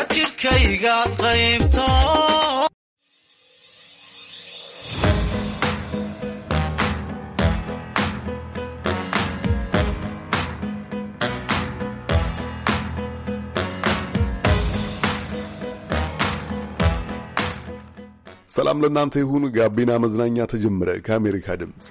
ሰላም ለእናንተ ይሁን። ጋቢና መዝናኛ ተጀመረ። ከአሜሪካ ድምፅ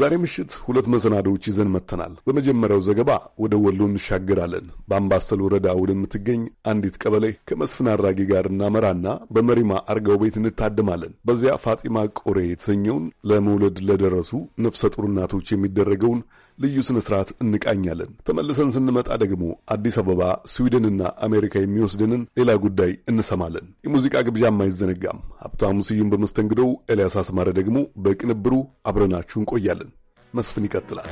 ዛሬ ምሽት ሁለት መሰናዶዎች ይዘን መጥተናል። በመጀመሪያው ዘገባ ወደ ወሎ እንሻገራለን። በአምባሰል ወረዳ ወደምትገኝ አንዲት ቀበሌ ከመስፍን አድራጊ ጋር እናመራና በመሪማ አርጋው ቤት እንታደማለን። በዚያ ፋጢማ ቆሬ የተሰኘውን ለመውለድ ለደረሱ ነፍሰ ጡር እናቶች የሚደረገውን ልዩ ስነ ስርዓት እንቃኛለን። ተመልሰን ስንመጣ ደግሞ አዲስ አበባ፣ ስዊድንና አሜሪካ የሚወስድንን ሌላ ጉዳይ እንሰማለን። የሙዚቃ ግብዣም አይዘነጋም። ሀብታሙ ስዩም በመስተንግዶው፣ ኤልያስ አስማረ ደግሞ በቅንብሩ አብረናችሁ እንቆያለን። መስፍን ይቀጥላል።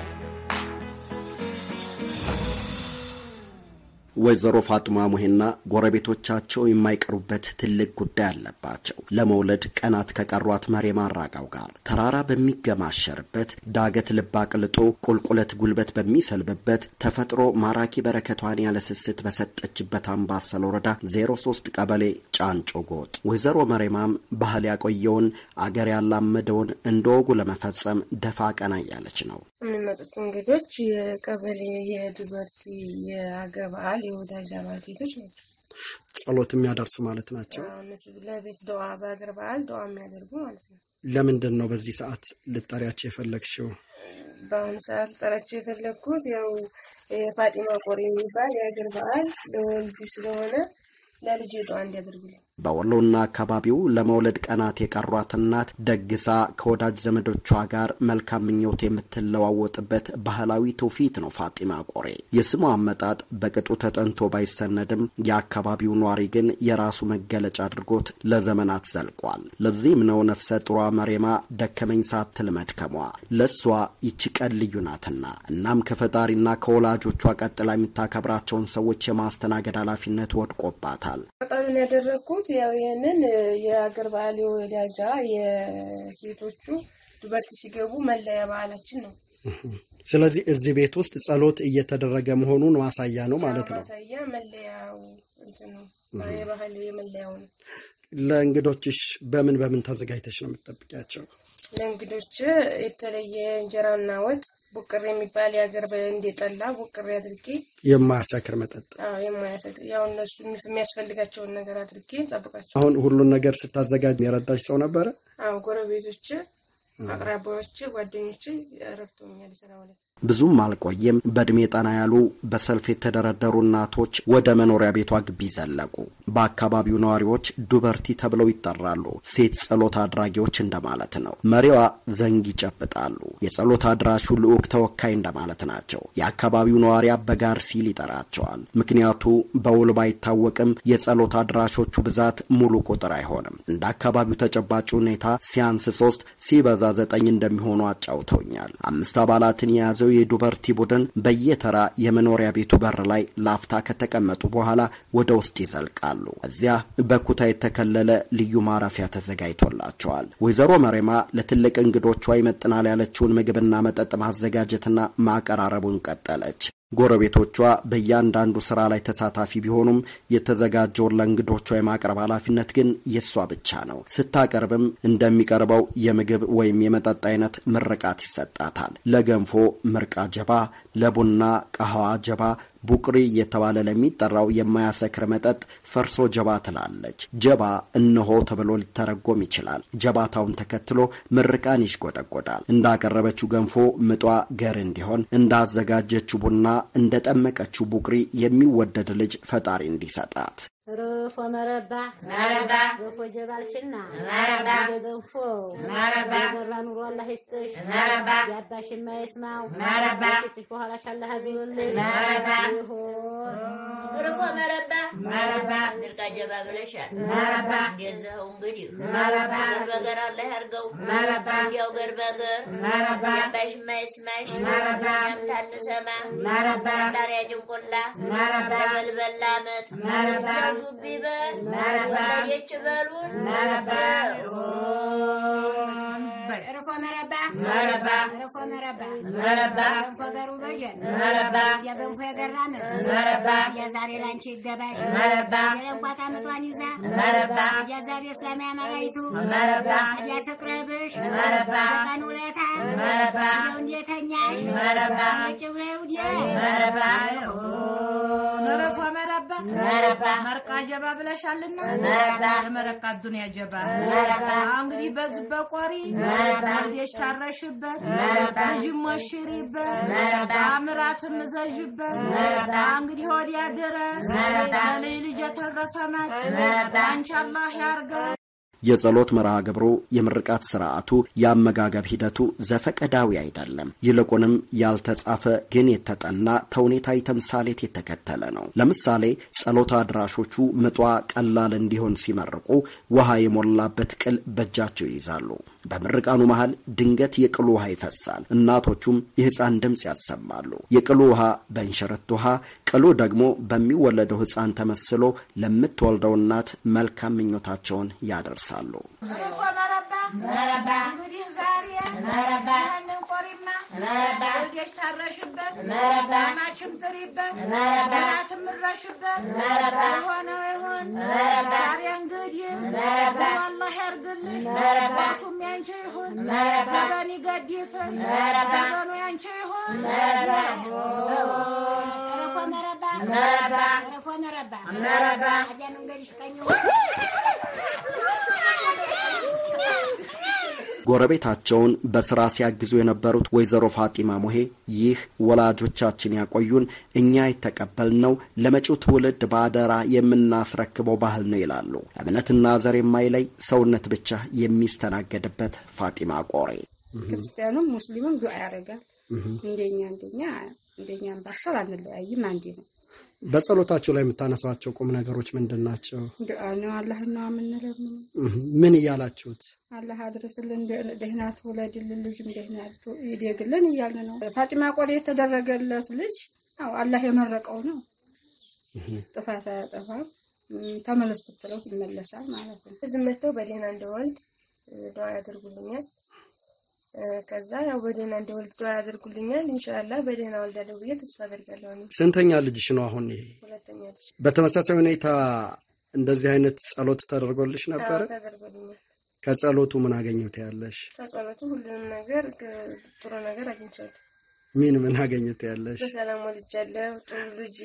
ወይዘሮ ፋጥማ ሙሄና ጎረቤቶቻቸው የማይቀሩበት ትልቅ ጉዳይ አለባቸው። ለመውለድ ቀናት ከቀሯት መሬም አራጋው ጋር ተራራ በሚገማሸርበት ዳገት ልብ አቅልጦ ቁልቁለት ጉልበት በሚሰልብበት ተፈጥሮ ማራኪ በረከቷን ያለስስት በሰጠችበት አምባሰል ወረዳ 03 ቀበሌ ጫንጮ ጎጥ ወይዘሮ መሬማም ባህል ያቆየውን አገር ያላመደውን እንደ ወጉ ለመፈጸም ደፋ ቀና እያለች ነው። የሚመጡት እንግዶች የቀበሌ የድበርቲ የአገባል የወዳጅ አባቴቶች ናቸው። ጸሎት የሚያደርሱ ማለት ናቸው። ለቤት ዱዓ በእግር በዓል ደዋ የሚያደርጉ ማለት ነው። ለምንድን ነው በዚህ ሰዓት ልጠሪያቸው የፈለግሽው? በአሁኑ ሰዓት ልጠሪያቸው የፈለግኩት ያው የፋጢማ ቆር የሚባል የእግር በዓል ለወልድ ስለሆነ ለልጅ ደዋ እንዲያደርጉልኝ በወሎና አካባቢው ለመውለድ ቀናት የቀሯት እናት ደግሳ ከወዳጅ ዘመዶቿ ጋር መልካም ምኞት የምትለዋወጥበት ባህላዊ ትውፊት ነው። ፋጢማ ቆሬ የስሙ አመጣጥ በቅጡ ተጠንቶ ባይሰነድም የአካባቢው ኗሪ ግን የራሱ መገለጫ አድርጎት ለዘመናት ዘልቋል። ለዚህም ነው ነፍሰ ጥሯ መሬማ ደከመኝ ሳትል መድከሟ። ለእሷ ይቺ ቀን ልዩ ናትና እናም ከፈጣሪና ከወላጆቿ ቀጥላ የምታከብራቸውን ሰዎች የማስተናገድ ኃላፊነት ወድቆባታል። ያደረግኩት ያው ይህንን የአገር በዓል የወዳጃ የሴቶቹ ዱበት ሲገቡ መለያ በዓላችን ነው። ስለዚህ እዚህ ቤት ውስጥ ጸሎት እየተደረገ መሆኑን ማሳያ ነው ማለት ነው። ማሳያ መለያው ነው፣ የባህል የመለያው ነው። ለእንግዶችሽ በምን በምን ተዘጋጅተሽ ነው የምትጠብቂያቸው? ለእንግዶች የተለየ እንጀራና ወጥ ቡቅር የሚባል የሀገር እንደጠላ ቡቅር አድርጌ የማያሰክር መጠጥ የማያሰክር ያው እነሱ የሚያስፈልጋቸውን ነገር አድርጌ ጠብቃቸው። አሁን ሁሉን ነገር ስታዘጋጅ የረዳሽ ሰው ነበረ? አዎ ጎረቤቶች፣ አቅራቢዎች፣ ጓደኞች ረድተውኛል ስራው ሁለት ብዙም አልቆየም። በእድሜ ጠና ያሉ በሰልፍ የተደረደሩ እናቶች ወደ መኖሪያ ቤቷ ግቢ ዘለቁ። በአካባቢው ነዋሪዎች ዱበርቲ ተብለው ይጠራሉ። ሴት ጸሎት አድራጊዎች እንደማለት ነው። መሪዋ ዘንግ ይጨብጣሉ። የጸሎት አድራሹ ልዑክ ተወካይ እንደማለት ናቸው። የአካባቢው ነዋሪ አበጋር ሲል ይጠራቸዋል። ምክንያቱ በውል ባይታወቅም የጸሎት አድራሾቹ ብዛት ሙሉ ቁጥር አይሆንም። እንደ አካባቢው ተጨባጭ ሁኔታ ሲያንስ ሶስት ሲበዛ ዘጠኝ እንደሚሆኑ አጫውተውኛል። አምስት አባላትን የያዘው ያለው የዱበርቲ ቡድን በየተራ የመኖሪያ ቤቱ በር ላይ ላፍታ ከተቀመጡ በኋላ ወደ ውስጥ ይዘልቃሉ። እዚያ በኩታ የተከለለ ልዩ ማረፊያ ተዘጋጅቶላቸዋል። ወይዘሮ መሬማ ለትልቅ እንግዶቿ ይመጥናል ያለችውን ምግብና መጠጥ ማዘጋጀትና ማቀራረቡን ቀጠለች። ጎረቤቶቿ በእያንዳንዱ ስራ ላይ ተሳታፊ ቢሆኑም የተዘጋጀውን ለእንግዶቿ የማቅረብ ኃላፊነት ግን የእሷ ብቻ ነው። ስታቀርብም እንደሚቀርበው የምግብ ወይም የመጠጥ አይነት ምርቃት ይሰጣታል። ለገንፎ ምርቃ ጀባ፣ ለቡና ቀሃዋ ጀባ ቡቅሪ እየተባለ ለሚጠራው የማያሰክር መጠጥ ፈርሶ ጀባ ትላለች። ጀባ እነሆ ተብሎ ሊተረጎም ይችላል። ጀባታውን ተከትሎ ምርቃን ይሽጎደጎዳል። እንዳቀረበችው ገንፎ ምጧ ገር እንዲሆን፣ እንዳዘጋጀችው ቡና፣ እንደጠመቀችው ቡቅሪ የሚወደድ ልጅ ፈጣሪ እንዲሰጣት ርፎ መረባ መረባ በኮጀ ባልሽና መረባ በገንፎ መረባ የዘራ ኑሮ አላህ ይስጥሽ መረባ ያባሽ የማይስማው መረባ ፊትሽ በኋላሽ አላህ አብሩልሽ መረባ ይሆን መረባ መረባ ድርቃ ጀባ ብለሻል መረባ የዘኸው እንግዲህ መረባ በገር አላህ ያርገው መረባ እንዲያው ገር በገር መረባ ያባሽ የማይስማሽ መረባ ያምታንሰማ መረባ ጣሪያ ጭንቁላ መረባ በልበላ አመት መረባ مضبا ما نفع يجبلون ما نفعون የዛሬ ላንቺ ይገባል። የለንኳት አመቷን ይዛ የዛሬ ሰማያ መራይቱ ያተቅረብሽ ቀን ውለታ እንዴተኛሽ መረቧ መረባ መርቃ ጀባ ብለሻልና የመረቃት ዱንያ ጀባ እንግዲህ በዚህ በቆሪ ታረሽበት ሞሽሪበት አምራት ምዘዥበት እንግዲህ ወዲያ ድረስ ለልይ ልጅ የተረፈ አንቻላህ ያርገው። የጸሎት መርሃ ግብሩ፣ የምርቃት ስርዓቱ፣ የአመጋገብ ሂደቱ ዘፈቀዳዊ አይደለም። ይልቁንም ያልተጻፈ ግን የተጠና ተውኔታዊ ተምሳሌት የተከተለ ነው። ለምሳሌ ጸሎት አድራሾቹ ምጧ ቀላል እንዲሆን ሲመርቁ ውሃ የሞላበት ቅል በእጃቸው ይይዛሉ። በምርቃኑ መሃል ድንገት የቅል ውሃ ይፈሳል። እናቶቹም የሕፃን ድምፅ ያሰማሉ። የቅሉ ውሃ በእንሸረት ውሃ፣ ቅሉ ደግሞ በሚወለደው ሕፃን ተመስሎ ለምትወልደው እናት መልካም ምኞታቸውን ያደርሳሉ። ልጆች ታረሽበት፣ ማችም ጥሪበት፣ እናት ምረሽበት የሆነ ይሁን። ዛሬ እንግዲህ አላህ ያርግልሽ። ቱም ያንቺ ይሁን። ተበኒ ገዲፍ ተበኑ ያንቺ ይሁን። ረፎ መረባ ረፎ መረባ መረባ ጎረቤታቸውን በስራ ሲያግዙ የነበሩት ወይዘሮ ፋጢማ ሞሄ ይህ ወላጆቻችን ያቆዩን እኛ የተቀበልነው ለመጪው ትውልድ በአደራ የምናስረክበው ባህል ነው ይላሉ። እምነትና ዘር የማይለይ ሰውነት ብቻ የሚስተናገድበት ፋጢማ ቆሬ ክርስቲያኑም ሙስሊምም ዱዓ ያደርጋል። እንደኛ እንደኛ እንደኛ ባሻል አንለያይም አንዴ ነው በጸሎታቸው ላይ የምታነሳቸው ቁም ነገሮች ምንድን ናቸው? ነው ምን እያላችሁት? አላህ አድርስልን፣ ደህና ትውለድልን፣ ልጅም ደህና ይደግልን እያልን ነው። ፋጢማ ቆሌ የተደረገለት ልጅ አላህ የመረቀው ነው። ጥፋት አያጠፋም። ተመለስ ብትለው ይመለሳል ማለት ነው። ዝም መጥተው በደህና እንደወልድ ደዋ ያደርጉልኛል። ከዛ ያው በደህና እንደወልድ ዱዓ ያደርጉልኛል። ኢንሻአላ በደህና ወልዳለሁ ብዬ ተስፋ አደርጋለሁ። ስንተኛ ልጅሽ ነው አሁን? ይሄ ሁለተኛ ልጅ። በተመሳሳይ ሁኔታ እንደዚህ አይነት ጸሎት ተደርጎልሽ ነበር? ተደርጎልኛል። ከጸሎቱ ምን አገኘት ያለሽ? ከጸሎቱ ሁሉንም ነገር ጥሩ ነገር አግኝቻለሁ። ምን ምን አገኘት ያለሽ? በሰላም ወልጃለሁ፣ ጥሩ ልጅ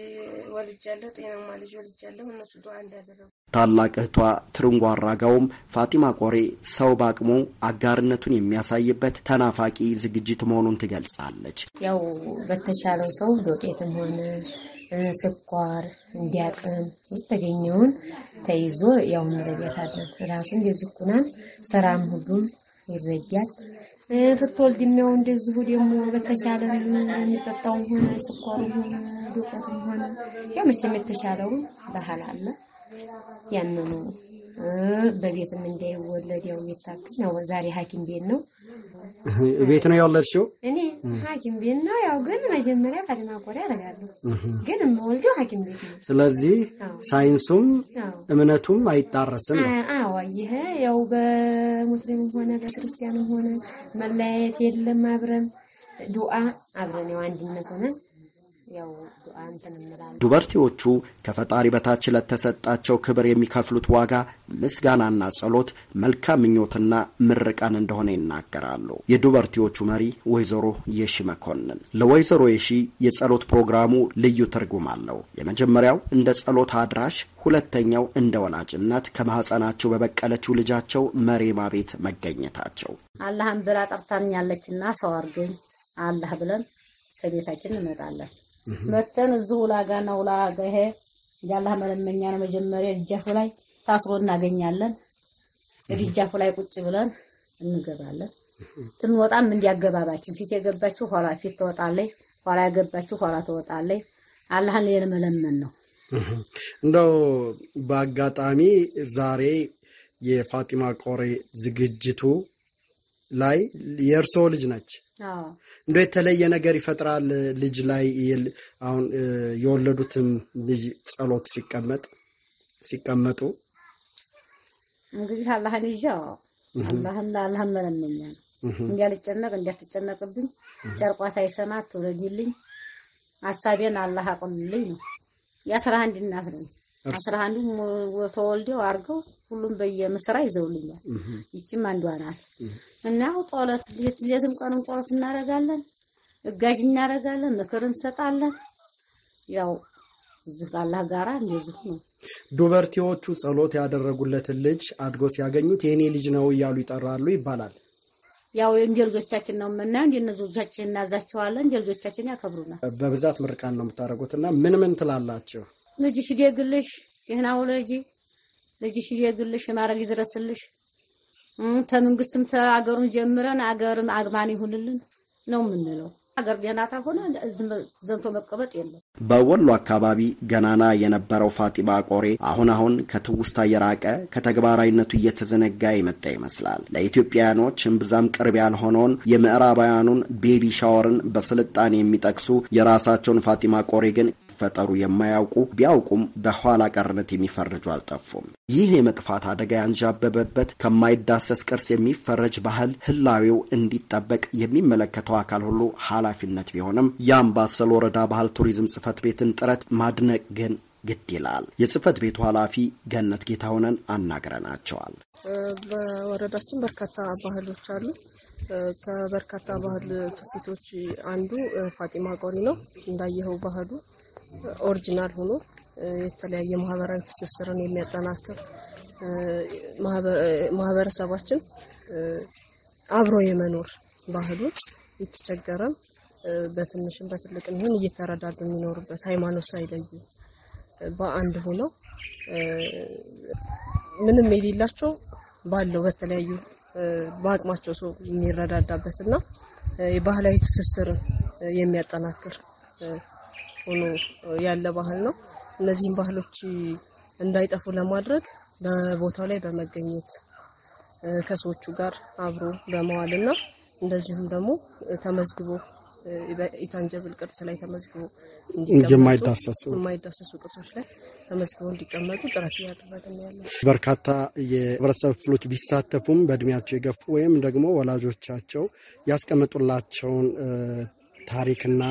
ወልጃለሁ፣ ጤናማ ልጅ ወልጃለሁ። እነሱ ዱዓ እንዳደረጉ ታላቅ እህቷ ትርንጎ አራጋውም ፋጢማ ቆሬ ሰው በአቅሙ አጋርነቱን የሚያሳይበት ተናፋቂ ዝግጅት መሆኑን ትገልጻለች። ያው በተቻለው ሰው ዶቄትም ሆነ ስኳር እንዲያቅም የተገኘውን ተይዞ ያው እንረዳታለን። ራሱ እንደዚህ ኩናን ሰራም ሁሉም ይረዳል። ፍትወልድ የሚያው እንደዚሁ ደግሞ በተቻለ የሚጠጣው ሆነ ስኳር ሆነ ዱቄቱም ሆነ ያው መቼም የተሻለውን ባህል አለ ያመሙ በቤትም እንዳይወለድ ያው የሚታገዝ ነው። ዛሬ ሐኪም ቤት ነው ቤት ነው የወለድሽው? እኔ ሐኪም ቤት ነው ያው ግን መጀመሪያ ቀድማ ቆዳ ያደርጋለሁ ግን የምወልደው ሐኪም ቤት ነው። ስለዚህ ሳይንሱም እምነቱም አይጣረስም። አዎ ይሄ ያው በሙስሊምም ሆነ በክርስቲያንም ሆነ መለያየት የለም። አብረን ዱዓ አብረን ያው አንድነት ሆነን ዱበርቲዎቹ ከፈጣሪ በታች ለተሰጣቸው ክብር የሚከፍሉት ዋጋ ምስጋናና ጸሎት፣ መልካም ምኞትና ምርቃን እንደሆነ ይናገራሉ። የዱበርቲዎቹ መሪ ወይዘሮ የሺ መኮንን ለወይዘሮ የሺ የጸሎት ፕሮግራሙ ልዩ ትርጉም አለው። የመጀመሪያው እንደ ጸሎት አድራሽ፣ ሁለተኛው እንደ ወላጅነት ከማህፀናቸው በበቀለችው ልጃቸው መሬማ ቤት መገኘታቸው። አላህን ብላ ጠርታኛለችና ሰው አርገኝ አላህ ብለን ከቤታችን እንመጣለን። መተን እዚሁ ውላጋና ውላጋ ይሄ ያላህ መለመኛ ነው። መጀመሪያ ደጃፉ ላይ ታስሮ እናገኛለን። ደጃፉ ላይ ቁጭ ብለን እንገባለን። ትንወጣም እንዲያገባባችን ፊት የገባችሁ ኋላ ፊት ትወጣለች፣ ኋላ የገባችሁ ኋላ ትወጣለች። አላህን መለመን ነው። እንደው በአጋጣሚ ዛሬ የፋጢማ ቆሬ ዝግጅቱ ላይ የእርሶ ልጅ ነች እንደ የተለየ ነገር ይፈጥራል ልጅ ላይ አሁን የወለዱትም ልጅ ጸሎት ሲቀመጥ ሲቀመጡ እንግዲህ አላህን ይዣው አላህን ለአላህ መለመኛ ነው። እንዲያልጨነቅ እንዲያትጨነቅብኝ ጨርቋት አይሰማ ትውለድልኝ አሳቤን አላህ አቁልልኝ ነው። የአስራ አንድ እናት ነው። አስራ አንዱ ተወልደው አርገው ሁሉም በየምስራ ይዘውልኛል። ይችም አንዷ ናት እና ጦለት ሌትም ቀንም ጦለት እናደርጋለን፣ እጋጅ እናደርጋለን፣ ምክር እንሰጣለን። ያው እዚህ ጋራ እንደዚህ ነው። ዱበርቲዎቹ ጸሎት ያደረጉለትን ልጅ አድጎ ሲያገኙት የእኔ ልጅ ነው እያሉ ይጠራሉ ይባላል። ያው እንደ ልጆቻችን ነው የምናየው። እንደ ልጆቻችን እናዛቸዋለን፣ እንደ ልጆቻችን ያከብሩናል። በብዛት ምርቃን ነው የምታደርጉትና ምን ምን ትላላችሁ? ልጅሽ ደግልሽ፣ ደህና ውለጂ ልጅሽ የግልሽ ማረግ ይድረስልሽ። ተመንግስትም ተአገሩን ጀምረን አገርም አግማን ይሁንልን ነው የምንለው። አገር ገናታ ሆነ ዘንቶ መቀመጥ የለም። በወሎ አካባቢ ገናና የነበረው ፋጢማ ቆሬ አሁን አሁን ከትውስታ የራቀ ከተግባራዊነቱ እየተዘነጋ የመጣ ይመስላል። ለኢትዮጵያውያኖች እምብዛም ቅርብ ያልሆነውን የምዕራባውያኑን ቤቢ ሻወርን በስልጣኔ የሚጠቅሱ የራሳቸውን ፋጢማ ቆሬ ግን መፈጠሩ የማያውቁ ቢያውቁም በኋላ ቀርነት የሚፈርጁ አልጠፉም። ይህ የመጥፋት አደጋ ያንዣበበበት ከማይዳሰስ ቅርስ የሚፈረጅ ባህል ህላዌው እንዲጠበቅ የሚመለከተው አካል ሁሉ ኃላፊነት ቢሆንም የአምባሰል ወረዳ ባህል ቱሪዝም ጽህፈት ቤትን ጥረት ማድነቅ ግን ግድ ይላል። የጽህፈት ቤቱ ኃላፊ ገነት ሆነን አናግረናቸዋል። በወረዳችን በርካታ ባህሎች አሉ። ከበርካታ ባህል ትውፊቶች አንዱ ፋጢማ ቆሪ ነው። እንዳየኸው ባህሉ ኦሪጂናል ሆኖ የተለያየ ማህበራዊ ትስስርን የሚያጠናክር ማህበረሰባችን አብሮ የመኖር ባህሉ የተቸገረም በትንሽም በትልቅም ይሁን እየተረዳዱ የሚኖሩበት ሃይማኖት ሳይለዩ በአንድ ሆነው ምንም የሌላቸው ባለው በተለያዩ በአቅማቸው ሰው የሚረዳዳበት እና የባህላዊ ትስስርን የሚያጠናክር ሆኖ ያለ ባህል ነው። እነዚህም ባህሎች እንዳይጠፉ ለማድረግ በቦታው ላይ በመገኘት ከሰዎቹ ጋር አብሮ በመዋልና እንደዚሁም ደግሞ ተመዝግቦ ኢታንጀብል ቅርስ ላይ ተመዝግቦ የማይዳሰሱ ቅርሶች ላይ ተመዝግበው እንዲቀመጡ ጥረት እያደረግን ያለን። በርካታ የህብረተሰብ ክፍሎች ቢሳተፉም በእድሜያቸው የገፉ ወይም ደግሞ ወላጆቻቸው ያስቀመጡላቸውን ታሪክና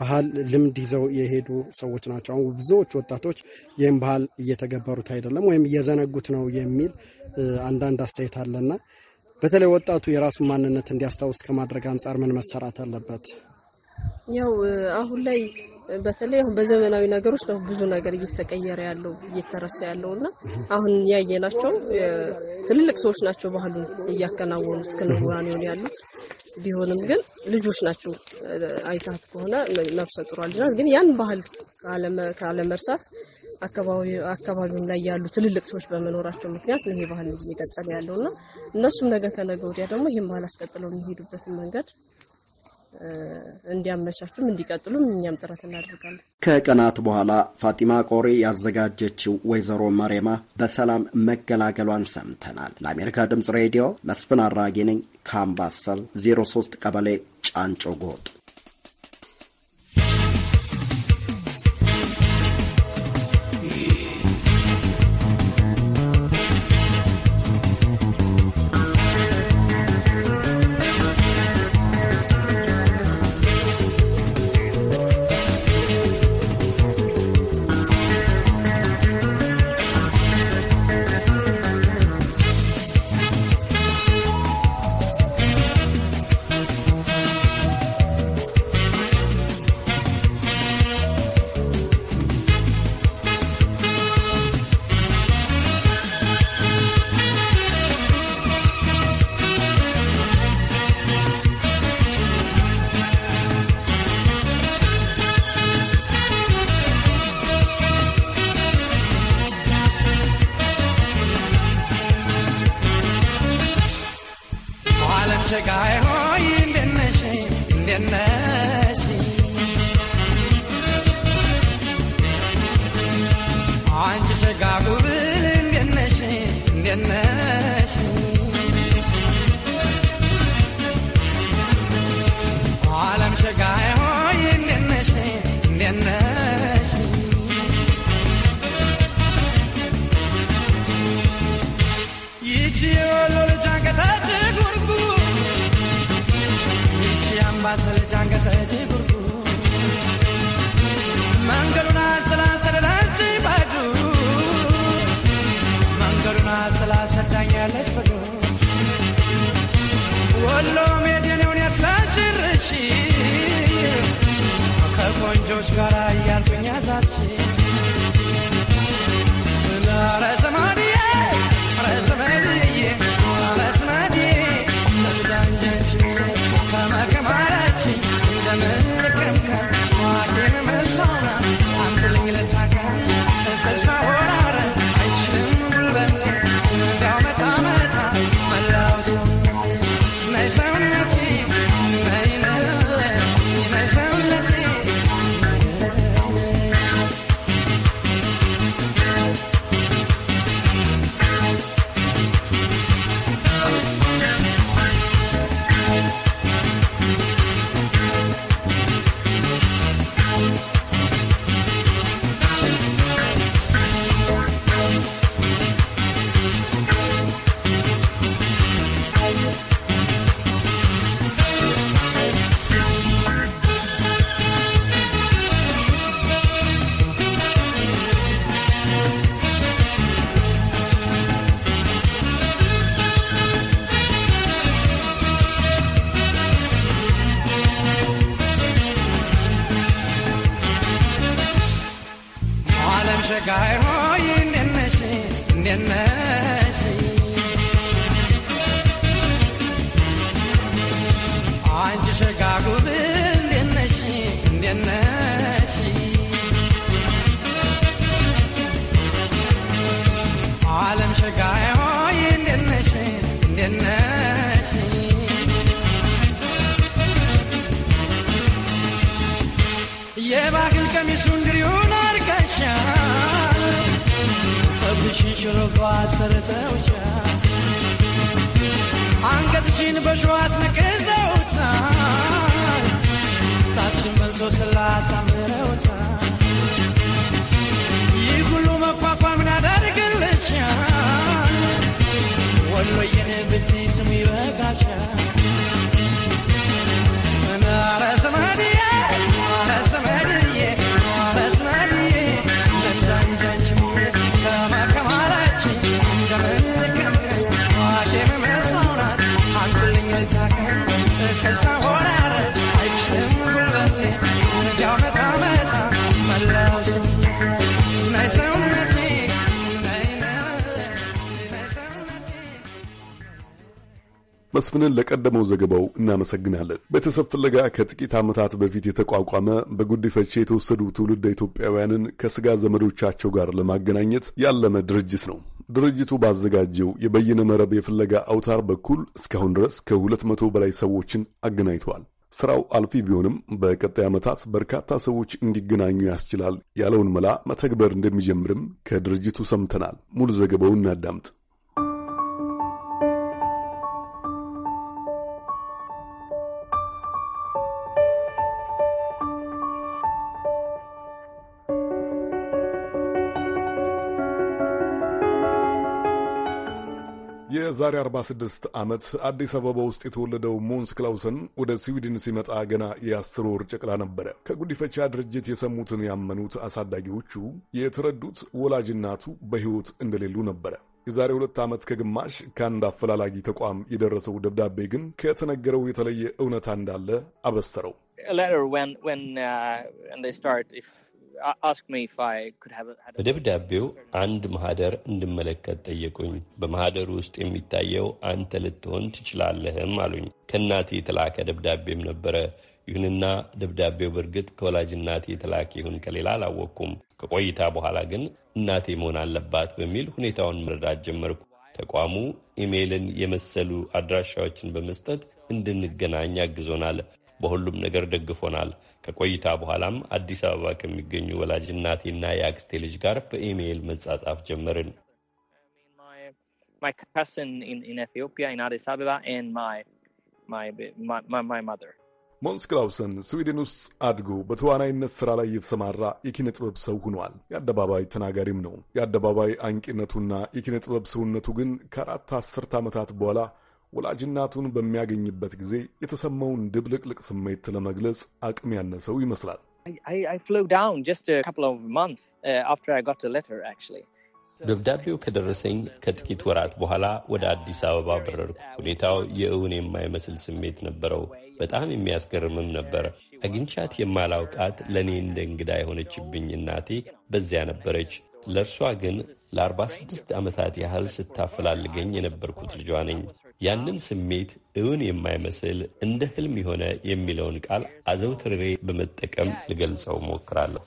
ባህል ልምድ ይዘው የሄዱ ሰዎች ናቸው። አሁን ብዙዎች ወጣቶች ይህም ባህል እየተገበሩት አይደለም ወይም እየዘነጉት ነው የሚል አንዳንድ አስተያየት አለና በተለይ ወጣቱ የራሱን ማንነት እንዲያስታውስ ከማድረግ አንጻር ምን መሰራት አለበት? ያው አሁን ላይ በተለይ አሁን በዘመናዊ ነገሮች ነው ብዙ ነገር እየተቀየረ ያለው እየተረሳ ያለው እና አሁን ያየናቸው ትልልቅ ሰዎች ናቸው ባህሉን እያከናወኑት ክንዋኔውን ያሉት ቢሆንም ግን ልጆች ናቸው። አይታት ከሆነ ነፍሰ ጡር ልጅ ግን ያን ባህል ካለመርሳት አካባቢውን ላይ ያሉ ትልልቅ ሰዎች በመኖራቸው ምክንያት ነው ይሄ ባህል እየቀጠለ ያለው እና እነሱም ነገ ከነገ ወዲያ ደግሞ ይህን ባህል አስቀጥለው የሚሄዱበትን መንገድ እንዲያመቻቹም እንዲቀጥሉም እኛም ጥረት እናደርጋለን። ከቀናት በኋላ ፋጢማ ቆሬ ያዘጋጀችው ወይዘሮ መሬማ በሰላም መገላገሏን ሰምተናል። ለአሜሪካ ድምጽ ሬዲዮ መስፍን አራጌ ነኝ ከአምባሰል 03 ቀበሌ ጫንጮ ጎጥ አሰለች አንገተች ብርቱ መንገዱን ስላሰደዳች ባዱ ወሎ ሜድኔውን ያስላችርች ከቆንጆች ጋር እያልኩኝ ያዛች ሰርተውሻል። አንገትሽን በሸዋ አስነቅዘውታል። ታችን መልሶ ስላሳምረውታል መስፍንን ለቀደመው ዘገባው እናመሰግናለን። ቤተሰብ ፍለጋ ከጥቂት ዓመታት በፊት የተቋቋመ በጉዲፈቻ የተወሰዱ ትውልድ ኢትዮጵያውያንን ከስጋ ዘመዶቻቸው ጋር ለማገናኘት ያለመ ድርጅት ነው። ድርጅቱ ባዘጋጀው የበይነ መረብ የፍለጋ አውታር በኩል እስካሁን ድረስ ከሁለት መቶ በላይ ሰዎችን አገናኝተዋል። ስራው አልፊ ቢሆንም በቀጣይ ዓመታት በርካታ ሰዎች እንዲገናኙ ያስችላል ያለውን መላ መተግበር እንደሚጀምርም ከድርጅቱ ሰምተናል። ሙሉ ዘገባውን እናዳምጥ። የዛሬ 46 ዓመት አዲስ አበባ ውስጥ የተወለደው ሞንስ ክላውሰን ወደ ስዊድን ሲመጣ ገና የአስር ወር ጨቅላ ነበረ። ከጉዲፈቻ ድርጅት የሰሙትን ያመኑት አሳዳጊዎቹ የተረዱት ወላጅናቱ በሕይወት እንደሌሉ ነበረ። የዛሬ ሁለት ዓመት ከግማሽ ከአንድ አፈላላጊ ተቋም የደረሰው ደብዳቤ ግን ከተነገረው የተለየ እውነታ እንዳለ አበሰረው። በደብዳቤው አንድ ማህደር እንድመለከት ጠየቁኝ። በማህደሩ ውስጥ የሚታየው አንተ ልትሆን ትችላለህም አሉኝ። ከእናቴ የተላከ ደብዳቤም ነበረ። ይሁንና ደብዳቤው በእርግጥ ከወላጅ እናቴ የተላከ ይሁን ከሌላ አላወቅኩም። ከቆይታ በኋላ ግን እናቴ መሆን አለባት በሚል ሁኔታውን መረዳት ጀመርኩ። ተቋሙ ኢሜይልን የመሰሉ አድራሻዎችን በመስጠት እንድንገናኝ አግዞናል። በሁሉም ነገር ደግፎናል። ከቆይታ በኋላም አዲስ አበባ ከሚገኙ ወላጅ እናቴና የአክስቴ ልጅ ጋር በኢሜይል መጻጻፍ ጀመርን። ሞንስ ክላውሰን ስዊድን ውስጥ አድጎ በተዋናይነት ሥራ ላይ የተሰማራ የኪነ ጥበብ ሰው ሆኗል። የአደባባይ ተናጋሪም ነው። የአደባባይ አንቂነቱና የኪነ ጥበብ ሰውነቱ ግን ከአራት አስርት ዓመታት በኋላ ወላጅናቱን በሚያገኝበት ጊዜ የተሰማውን ድብልቅልቅ ስሜት ለመግለጽ አቅም ያነሰው ይመስላል። uh, ደብዳቤው ከደረሰኝ ከጥቂት ወራት በኋላ ወደ አዲስ አበባ በረርኩ። ሁኔታው የእውን የማይመስል ስሜት ነበረው። በጣም የሚያስገርምም ነበር። አግኝቻት የማላውቃት ለእኔ እንደ እንግዳ የሆነችብኝ እናቴ በዚያ ነበረች። ለእርሷ ግን ለ46 ዓመታት ያህል ስታፈላልገኝ የነበርኩት ልጇ ነኝ። ያንን ስሜት እውን የማይመስል እንደ ህልም የሆነ የሚለውን ቃል አዘውትሬ በመጠቀም ልገልጸው ሞክራለሁ።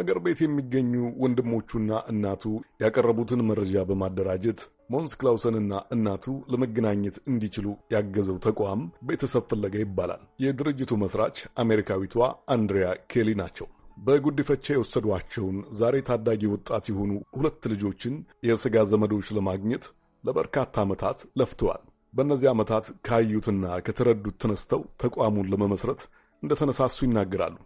ሀገር ቤት የሚገኙ ወንድሞቹና እናቱ ያቀረቡትን መረጃ በማደራጀት ሞንስ ክላውሰንና እናቱ ለመገናኘት እንዲችሉ ያገዘው ተቋም ቤተሰብ ፍለጋ ይባላል። የድርጅቱ መስራች አሜሪካዊቷ አንድሪያ ኬሊ ናቸው። በጉድፈቻ የወሰዷቸውን ዛሬ ታዳጊ ወጣት የሆኑ ሁለት ልጆችን የሥጋ ዘመዶች ለማግኘት ለበርካታ ዓመታት ለፍተዋል። በእነዚህ ዓመታት ካዩትና ከተረዱት ተነስተው ተቋሙን ለመመስረት እንደተነሳሱ ይናገራሉ።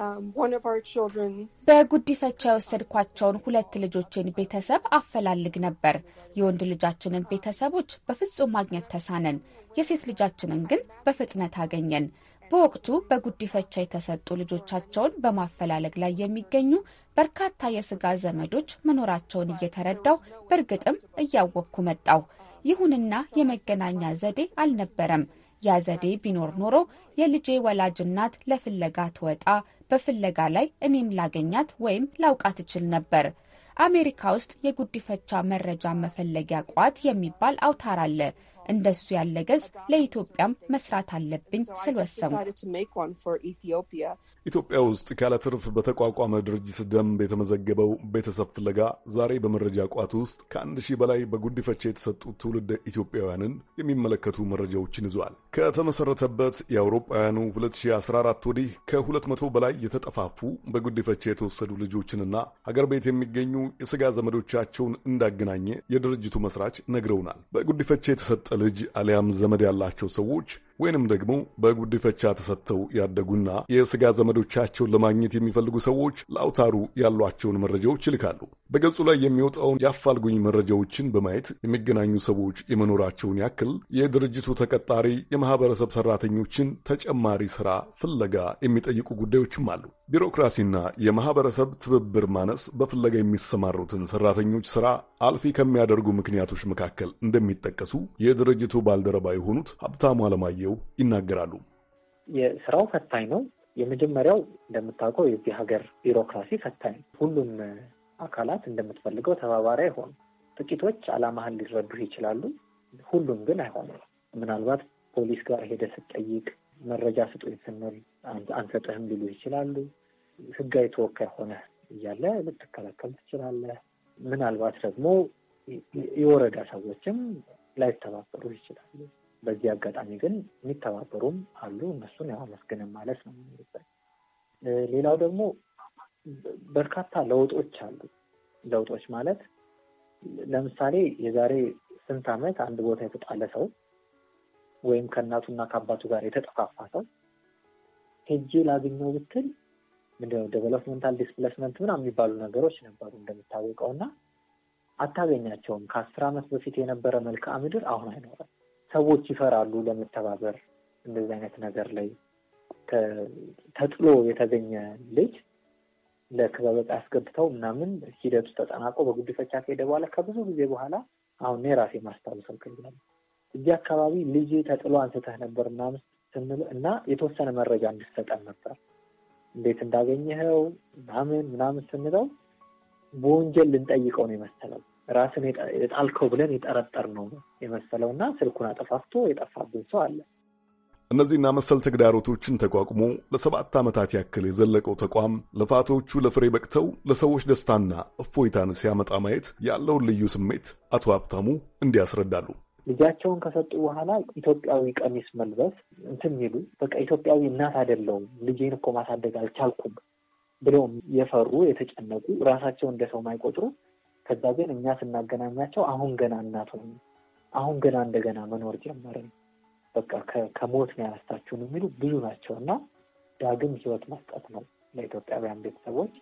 Um, በጉዲፈቻ የወሰድኳቸውን ሁለት ልጆችን ቤተሰብ አፈላልግ ነበር። የወንድ ልጃችንን ቤተሰቦች በፍጹም ማግኘት ተሳነን። የሴት ልጃችንን ግን በፍጥነት አገኘን። በወቅቱ በጉዲፈቻ የተሰጡ ልጆቻቸውን በማፈላለግ ላይ የሚገኙ በርካታ የስጋ ዘመዶች መኖራቸውን እየተረዳው በእርግጥም እያወቅኩ መጣው። ይሁንና የመገናኛ ዘዴ አልነበረም። ያ ዘዴ ቢኖር ኖሮ የልጄ ወላጅ እናት ለፍለጋ ትወጣ፣ በፍለጋ ላይ እኔም ላገኛት ወይም ላውቃት እችል ነበር። አሜሪካ ውስጥ የጉዲፈቻ መረጃ መፈለጊያ ቋት የሚባል አውታር አለ። እንደሱ ያለ ገጽ ለኢትዮጵያም መስራት አለብኝ ስልወሰሙ ኢትዮጵያ ውስጥ ካለትርፍ በተቋቋመ ድርጅት ደንብ የተመዘገበው ቤተሰብ ፍለጋ ዛሬ በመረጃ ቋት ውስጥ ከአንድ ሺህ በላይ በጉዲፈቻ የተሰጡ ትውልድ ኢትዮጵያውያንን የሚመለከቱ መረጃዎችን ይዟል። ከተመሠረተበት የአውሮፓውያኑ 2014 ወዲህ ከ200 በላይ የተጠፋፉ በጉዲፈቻ የተወሰዱ ልጆችንና ሀገር ቤት የሚገኙ የሥጋ ዘመዶቻቸውን እንዳገናኘ የድርጅቱ መስራች ነግረውናል። በጉዲፈቻ የተሰጠ ልጅ አሊያም ዘመድ ያላቸው ሰዎች ወይንም ደግሞ በጉዲፈቻ ተሰጥተው ያደጉና የሥጋ ዘመዶቻቸውን ለማግኘት የሚፈልጉ ሰዎች ለአውታሩ ያሏቸውን መረጃዎች ይልካሉ። በገጹ ላይ የሚወጣውን የአፋልጉኝ መረጃዎችን በማየት የሚገናኙ ሰዎች የመኖራቸውን ያክል የድርጅቱ ተቀጣሪ የማህበረሰብ ሰራተኞችን ተጨማሪ ስራ ፍለጋ የሚጠይቁ ጉዳዮችም አሉ። ቢሮክራሲና የማህበረሰብ ትብብር ማነስ በፍለጋ የሚሰማሩትን ሰራተኞች ስራ አልፊ ከሚያደርጉ ምክንያቶች መካከል እንደሚጠቀሱ የድርጅቱ ባልደረባ የሆኑት ሀብታሙ አለማየሁ ይናገራሉ። የስራው ፈታኝ ነው። የመጀመሪያው እንደምታውቀው የዚህ ሀገር ቢሮክራሲ ፈታኝ ሁሉም አካላት እንደምትፈልገው ተባባሪ አይሆኑም። ጥቂቶች አላማህን ሊረዱህ ይችላሉ፣ ሁሉም ግን አይሆኑም። ምናልባት ፖሊስ ጋር ሄደ ስትጠይቅ መረጃ ስጡኝ ስንል አንሰጥህም ሊሉ ይችላሉ። ህጋዊ ተወካይ ሆነ እያለ ልትከላከል ትችላለህ። ምናልባት ደግሞ የወረዳ ሰዎችም ላይተባበሩ ይችላሉ። በዚህ አጋጣሚ ግን የሚተባበሩም አሉ። እነሱን ያው አመስግንም ማለት ነው። ሌላው ደግሞ በርካታ ለውጦች አሉ። ለውጦች ማለት ለምሳሌ የዛሬ ስንት ዓመት አንድ ቦታ የተጣለ ሰው ወይም ከእናቱና ከአባቱ ጋር የተጠፋፋ ሰው ሄጄ ላገኘው ብትል ምንድነው ዴቨሎፕመንታል ዲስፕሌስመንት ምናምን የሚባሉ ነገሮች ነበሩ እንደሚታወቀው እና አታገኛቸውም። ከአስር ዓመት በፊት የነበረ መልክዓ ምድር አሁን አይኖርም። ሰዎች ይፈራሉ ለመተባበር። እንደዚህ አይነት ነገር ላይ ተጥሎ የተገኘ ልጅ ለክበብ አስገብተው ያስገብተው ምናምን ሂደቱ ተጠናቆ በጉድፈቻ ከሄደ በኋላ ከብዙ ጊዜ በኋላ አሁን የራሴ ራሴ ማስታውሰው ክልል እዚህ አካባቢ ልጅ ተጥሎ አንስተህ ነበር ምናምን ስንል እና የተወሰነ መረጃ እንድሰጠን ነበር እንዴት እንዳገኘኸው ምናምን ምናምን ስንለው በወንጀል ልንጠይቀው ነው የመሰለው። ራስን የጣልከው ብለን የጠረጠር ነው የመሰለው እና ስልኩን አጠፋፍቶ የጠፋብን ሰው አለ። እነዚህና መሰል ተግዳሮቶችን ተቋቁሞ ለሰባት ዓመታት ያክል የዘለቀው ተቋም ልፋቶቹ ለፍሬ በቅተው ለሰዎች ደስታና እፎይታን ሲያመጣ ማየት ያለውን ልዩ ስሜት አቶ ሀብታሙ እንዲያስረዳሉ። ልጃቸውን ከሰጡ በኋላ ኢትዮጵያዊ ቀሚስ መልበስ እንትን ይሉ በቃ ኢትዮጵያዊ እናት አይደለውም ልጄን እኮ ማሳደግ አልቻልኩም ብለው የፈሩ የተጨነቁ ራሳቸውን እንደ ሰው ማይቆጥሩ ከዛ ግን እኛ ስናገናኛቸው አሁን ገና እናት ሆኑ፣ አሁን ገና እንደገና መኖር ጀመርን በቃ ከሞት ነው ያነሳችሁን የሚሉ ብዙ ናቸው እና ዳግም ህይወት መስጠት ነው ለኢትዮጵያውያን ቤተሰቦች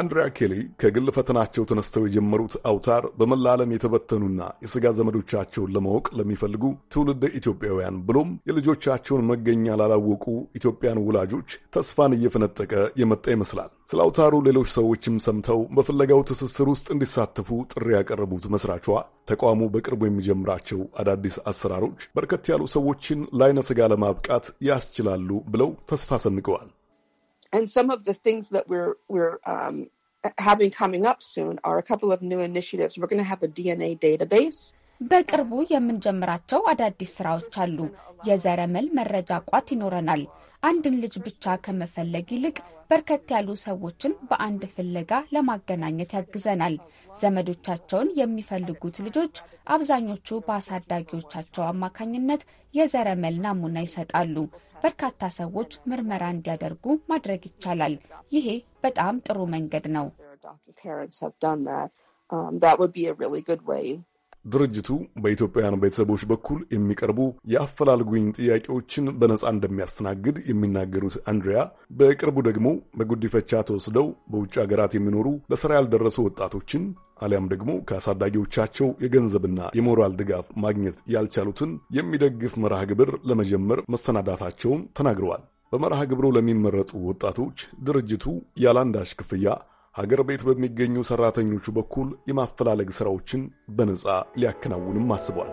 አንድሪያ ኬሊ ከግል ፈተናቸው ተነስተው የጀመሩት አውታር በመላ ዓለም የተበተኑና የሥጋ ዘመዶቻቸውን ለማወቅ ለሚፈልጉ ትውልደ ኢትዮጵያውያን ብሎም የልጆቻቸውን መገኛ ላላወቁ ኢትዮጵያን ወላጆች ተስፋን እየፈነጠቀ የመጣ ይመስላል። ስለ አውታሩ ሌሎች ሰዎችም ሰምተው በፍለጋው ትስስር ውስጥ እንዲሳተፉ ጥሪ ያቀረቡት መስራቿ ተቋሙ በቅርቡ የሚጀምራቸው አዳዲስ አሰራሮች በርከት ያሉ ሰዎችን ለአይነ ሥጋ ለማብቃት ያስችላሉ ብለው ተስፋ ሰንቀዋል። and some of the things that we're we're um, having coming up soon are a couple of new initiatives. We're going to have a DNA database. በቅርቡ የምንጀምራቸው አዳዲስ ስራዎች አሉ። የዘረመል መረጃ ቋት ይኖረናል። አንድን ልጅ ብቻ ከመፈለግ ይልቅ በርከት ያሉ ሰዎችን በአንድ ፍለጋ ለማገናኘት ያግዘናል። ዘመዶቻቸውን የሚፈልጉት ልጆች አብዛኞቹ በአሳዳጊዎቻቸው አማካኝነት የዘረመል ናሙና ይሰጣሉ። በርካታ ሰዎች ምርመራ እንዲያደርጉ ማድረግ ይቻላል። ይሄ በጣም ጥሩ መንገድ ነው። ድርጅቱ በኢትዮጵያውያን ቤተሰቦች በኩል የሚቀርቡ የአፈላልጉኝ ጥያቄዎችን በነጻ እንደሚያስተናግድ የሚናገሩት አንድሪያ በቅርቡ ደግሞ በጉዲፈቻ ተወስደው በውጭ ሀገራት የሚኖሩ ለስራ ያልደረሱ ወጣቶችን አሊያም ደግሞ ከአሳዳጊዎቻቸው የገንዘብና የሞራል ድጋፍ ማግኘት ያልቻሉትን የሚደግፍ መርሃ ግብር ለመጀመር መሰናዳታቸውን ተናግረዋል። በመርሃ ግብሩ ለሚመረጡ ወጣቶች ድርጅቱ ያለአንዳች ክፍያ ሀገር ቤት በሚገኙ ሠራተኞቹ በኩል የማፈላለግ ሥራዎችን በነፃ ሊያከናውንም አስቧል።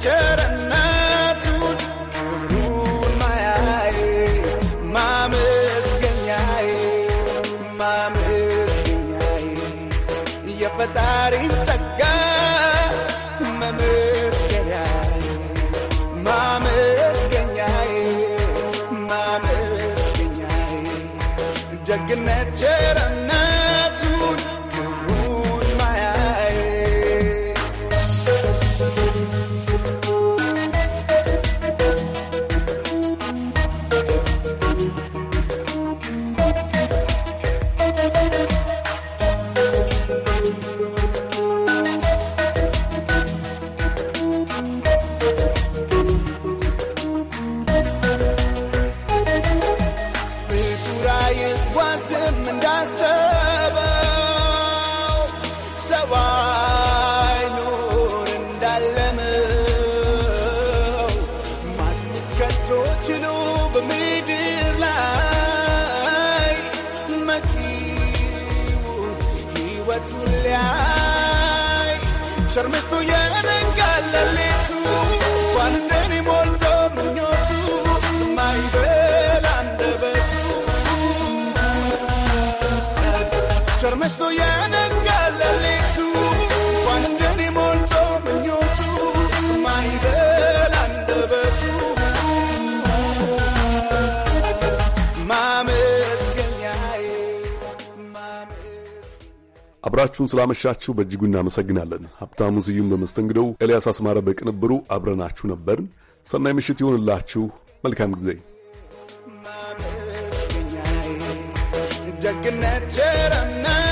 Get አብራችሁን ስላመሻችሁ በእጅጉ እናመሰግናለን። ሀብታሙ ስዩም በመስተንግደው፣ ኤልያስ አስማረ በቅንብሩ አብረናችሁ ነበርን። ሰናይ ምሽት ይሆንላችሁ። መልካም ጊዜ። ደግነት